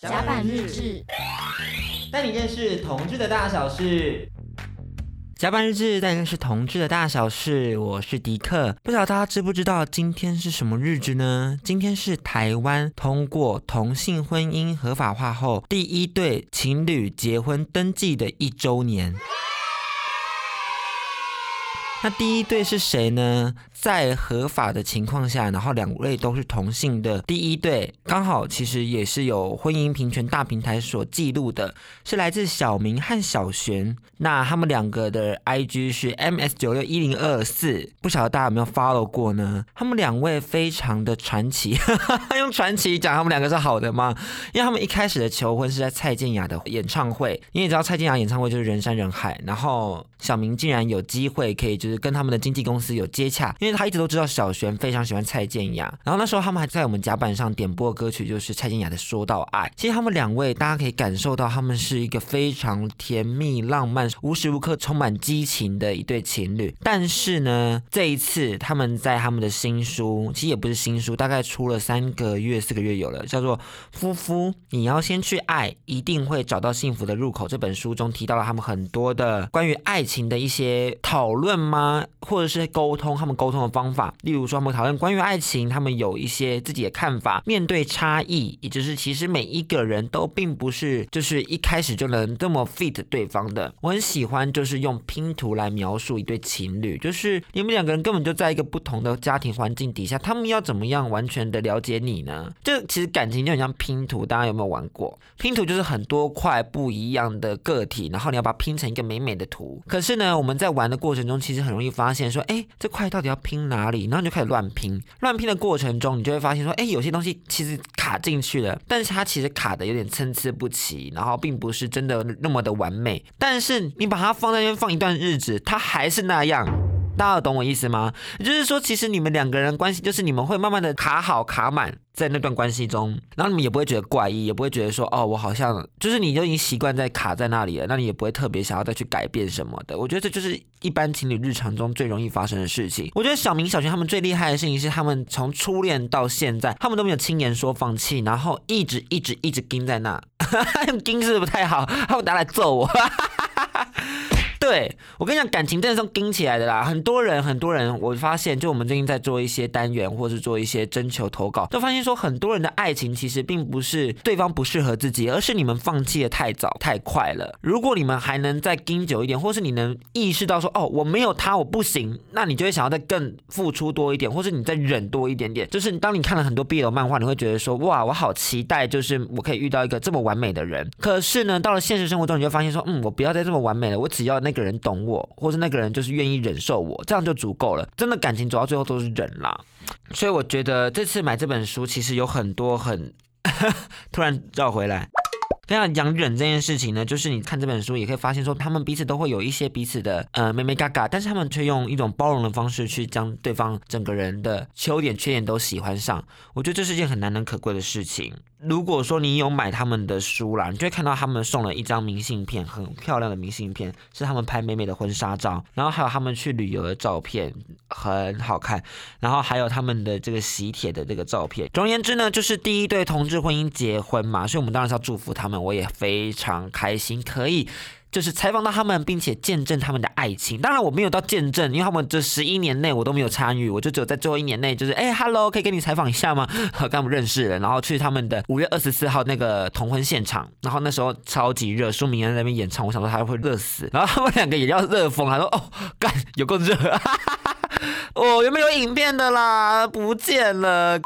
甲板日誌，帶你認識同志的大小事。甲板日誌，帶你認識同志的大小事。我是迪克，不知道大家知不知道今天是什麼日子呢？今天是台灣通過同性婚姻合法化後第一對情侶結婚登記的一周年。那第一對是誰呢？在合法的情況下，然後兩位都是同性的第一對，剛好其實也是有婚姻平權大平台所記錄的，是來自小銘和小玄。那他們兩個的 IG 是 MS961024，不曉得大家有沒有 follow 過呢？他們兩位非常的傳奇，哈哈，用傳奇講他們兩個是好的嗎？因為他們一開始的求婚是在蔡健雅的演唱會，因為你知道蔡健雅演唱會就是人山人海，然後小銘竟然有機會可以就是。是跟他們的經紀公司有接洽，因為他一直都知道小玄非常喜歡蔡健雅。然後那時候他們還在我們甲板上點播的歌曲，就是蔡健雅的《說到愛》。其實他們兩位，大家可以感受到他們是一個非常甜蜜、浪漫、無時無刻充滿激情的一對情侶。但是呢，這一次他們在他們的新書，其實也不是新書，大概出了三個月、四個月有了，叫做《夫夫，你要先去愛，一定會找到幸福的入口》這本書中提到了他們很多的關於愛情的一些討論嗎？啊，或者是溝通，他們溝通的方法，例如說，他們討論關於愛情，他們有一些自己的看法。面對差異，也就是其實每一個人都並不是就是一開始就能這麼 fit 對方的。我很喜歡就是用拼圖來描述一對情侶，就是你們兩個人根本就在一個不同的家庭環境底下，他們要怎麼樣完全的了解你呢？這其實感情就很像拼圖，大家有沒有玩過？拼圖就是很多塊不一樣的個體，然後你要把它拼成一個美美的圖。可是呢，我們在玩的過程中，其實很。很容易發現說，哎、欸，這塊到底要拼哪裡？然後你就開始亂拼。亂拼的過程中，你就會發現說，哎、欸，有些東西其實卡進去了，但是它其實卡的有點參差不齊，然後並不是真的那麼的完美。但是你把它放在那邊放一段日子，它還是那樣。大家懂我意思嗎？就是說，其實你們兩個人關係，就是你們會慢慢的卡好卡滿在那段關係中，然後你們也不會覺得怪異，也不會覺得說哦，我好像就是你就已經習慣在卡在那裡了，那你也不會特別想要再去改變什麼的。我覺得這就是一般情侶日常中最容易發生的事情。我覺得小銘小玄他們最厲害的事情是，他們從初戀到現在，他們都沒有輕言說放棄，然後一直一直一直盯在那，盯 是不是太好，他們拿來揍我。 對我跟你講，感情真的是盯起來的啦。很多人，很多人，我發現，就我們最近在做一些單元，或是做一些徵求投稿，就發現說，很多人的愛情其實並不是對方不適合自己，而是你們放棄的太早太快了。如果你們還能再盯久一點，或是你能意識到說，哦，我沒有他，我不行，那你就會想要再更付出多一點，或是你再忍多一點點。就是當你看了很多 BL 的漫畫，你會覺得說，哇，我好期待，就是我可以遇到一個這麼完美的人。可是呢，到了現實生活中，你就發現說，嗯，我不要再這麼完美了，我只要那個。個人懂我，或是那個人就是願意忍受我，這樣就足夠了。真的感情走到最後都是忍啦，所以我覺得這次買這本書其實有很多很 突然繞回來。非常講忍這件事情呢，就是你看這本書也可以發現說，他們彼此都會有一些彼此的呃美美嘎嘎，但是他們卻用一種包容的方式去將對方整個人的優點缺點都喜歡上。我覺得這是一件很難能可貴的事情。如果說你有買他們的書啦，你就會看到他們送了一張明信片，很漂亮的明信片，是他們拍美美的婚紗照，然後還有他們去旅遊的照片，很好看，然後還有他們的這個喜帖的這個照片。總而言之呢，就是第一對同志婚姻結婚嘛，所以我們當然是要祝福他們，我也非常開心可以。就是採訪到他們，並且見證他們的愛情。當然我沒有到見證，因為他們這十一年內我都沒有參與，我就只有在最後一年內，就是哎哈嘍，欸、Hello, 可以跟你採訪一下嗎？剛我們認識了，然後去他們的五月二十四號那個同婚現場，然後那時候超級熱，舒明在那邊演唱，我想說他會熱死，然後他們兩個也要熱瘋，他說哦，幹，有夠熱，哈哈哈，哦有沒有影片的啦？不見了。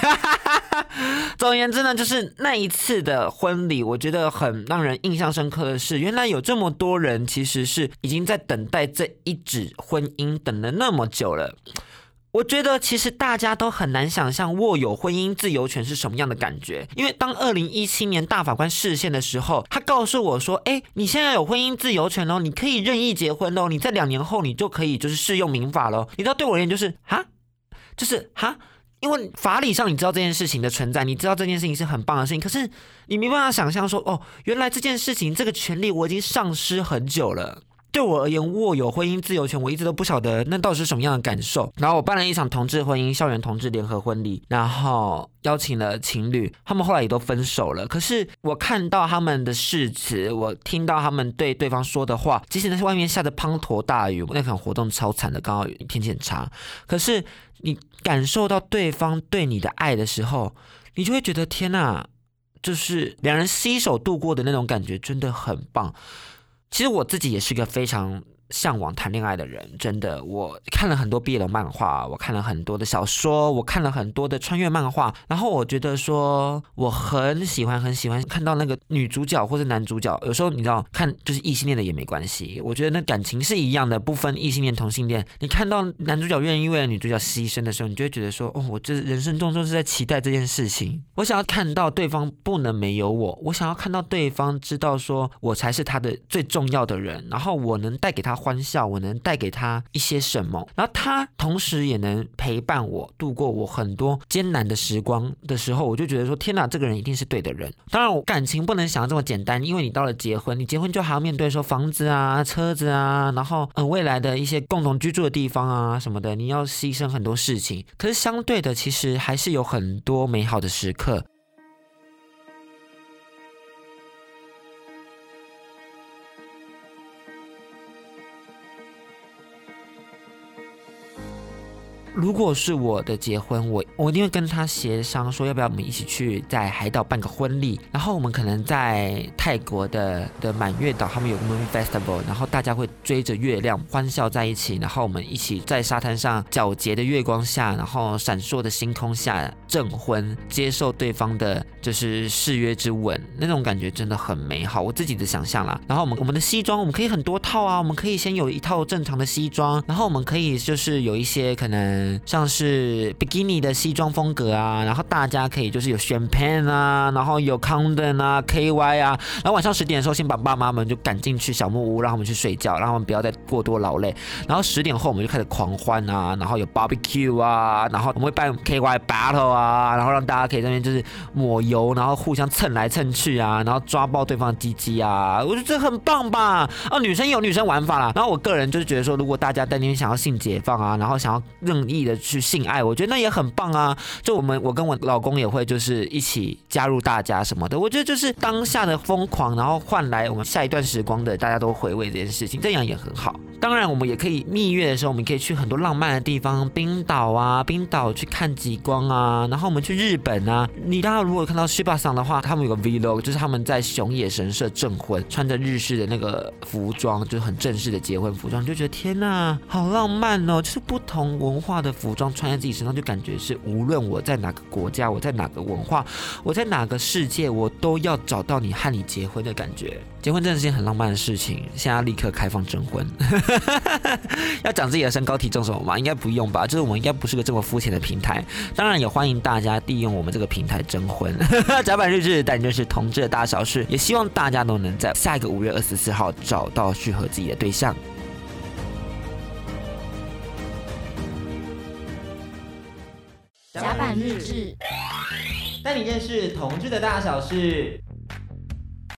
哈哈哈哈哈！ 總而言之呢，就是那一次的婚禮，我覺得很讓人印象深刻的是，原來有這麼多人其實是已經在等待這一紙婚姻，等了那麼久了。我覺得其實大家都很難想象握有婚姻自由權是什麼樣的感覺，因為當二零一七年大法官釋憲的時候，他告訴我說：“哎、欸，你現在有婚姻自由權哦，你可以任意結婚嘍，你在兩年後你就可以就是適用民法嘍。”你知道對我而言就是哈，就是哈。因為法理上，你知道這件事情的存在，你知道這件事情是很棒的事情，可是你沒辦法想象說，哦，原來這件事情，這個權利我已經喪失很久了。對我而言，握有婚姻自由權，我一直都不曉得那到底是什麼樣的感受。然後我辦了一場同志婚姻校園同志聯合婚禮，然後邀請了情侶，他們後來也都分手了。可是我看到他們的誓詞，我聽到他們對對方說的話，即使在外面下的滂沱大雨，那場、個、活動超慘的，剛好一天氣很差。可是你感受到對方對你的愛的時候，你就會覺得天吶，就是兩人攜手度過的那種感覺真的很棒。其實我自己也是一個非常。嚮往談戀愛的人，真的，我看了很多 BL 漫畫，我看了很多的小說，我看了很多的穿越漫畫，然後我覺得說，我很喜歡很喜歡看到那個女主角或者男主角，有時候你知道，看就是異性戀的也沒關係，我覺得那感情是一樣的，不分異性戀同性戀。你看到男主角願意為了女主角犧牲的時候，你就會覺得說，哦，我這人生中就是在期待這件事情，我想要看到對方不能沒有我，我想要看到對方知道說我才是他的最重要的人，然後我能帶給他。歡笑，我能帶給他一些什麼？然後他同時也能陪伴我度過我很多艱難的時光的時候，我就覺得說：天哪，這個人一定是對的人。當然，我感情不能想這麼簡單，因為你到了結婚，你結婚就還要面對說房子啊、車子啊，然後嗯、呃、未來的一些共同居住的地方啊什麼的，你要犧牲很多事情。可是相對的，其實還是有很多美好的時刻。如果是我的結婚，我我一定會跟他協商，說要不要我們一起去在海島辦個婚禮，然後我們可能在泰國的的滿月島，他們有個 Moon Festival，然後大家會追着月亮歡笑在一起，然後我們一起在沙灘上皎潔的月光下，然後閃爍的星空下證婚，接受對方的就是誓約之吻，那種感覺真的很美好，我自己的想象啦。然後我們我們的西裝我們可以很多套啊，我們可以先有一套正常的西裝，然後我們可以就是有一些可能。像是 Bikini 的西裝風格啊，然後大家可以就是有 champagne 啊，然後有 condom 啊，KY 啊，然後晚上十點的時候先把爸媽們就趕進去小木屋，讓他們去睡覺，讓他們不要再過多勞累。然後十點後我們就開始狂歡啊，然後有 barbecue 啊，然後我們會辦 KY battle 啊，然後讓大家可以在那邊就是抹油，然後互相蹭來蹭去啊，然後抓爆對方雞雞啊，我覺得這很棒吧？哦、啊，女生有女生玩法啦。然後我個人就是覺得說，如果大家當天想要性解放啊，然後想要任意。的去性愛，我覺得那也很棒啊！就，我們我跟我老公也會就是一起加入大家什麼的，我覺得就是當下的瘋狂，然後換來我們下一段時光的大家都回味這件事情，這樣也很好。當然，我們也可以蜜月的時候，我們可以去很多浪漫的地方，冰島啊，冰島去看極光啊，然後我們去日本啊。你大家如果看到 Shiba 桑的話，他們有個 Vlog，就是他們在熊野神社證婚，穿着日式的那個服裝，就是很正式的結婚服裝，就覺得天哪、啊，好浪漫哦！就是不同文化，他的服裝穿在自己身上，就感覺是無論我在哪個國家，我在哪個文化，我在哪個世界，我都要找到你和你結婚的感覺。結婚真的是件很浪漫的事情，現在要立刻開放徵婚。 要講自己的身高體重什麼嗎？應該不用吧，就是我們應該不是個這麼膚淺的平台。當然也歡迎大家利用我們這個平台徵婚。甲 板日誌帶你認識同志的大小事，也希望大家都能在下一個五月二十四號找到適合自己的對象。日誌，帶你認識同志的大小事。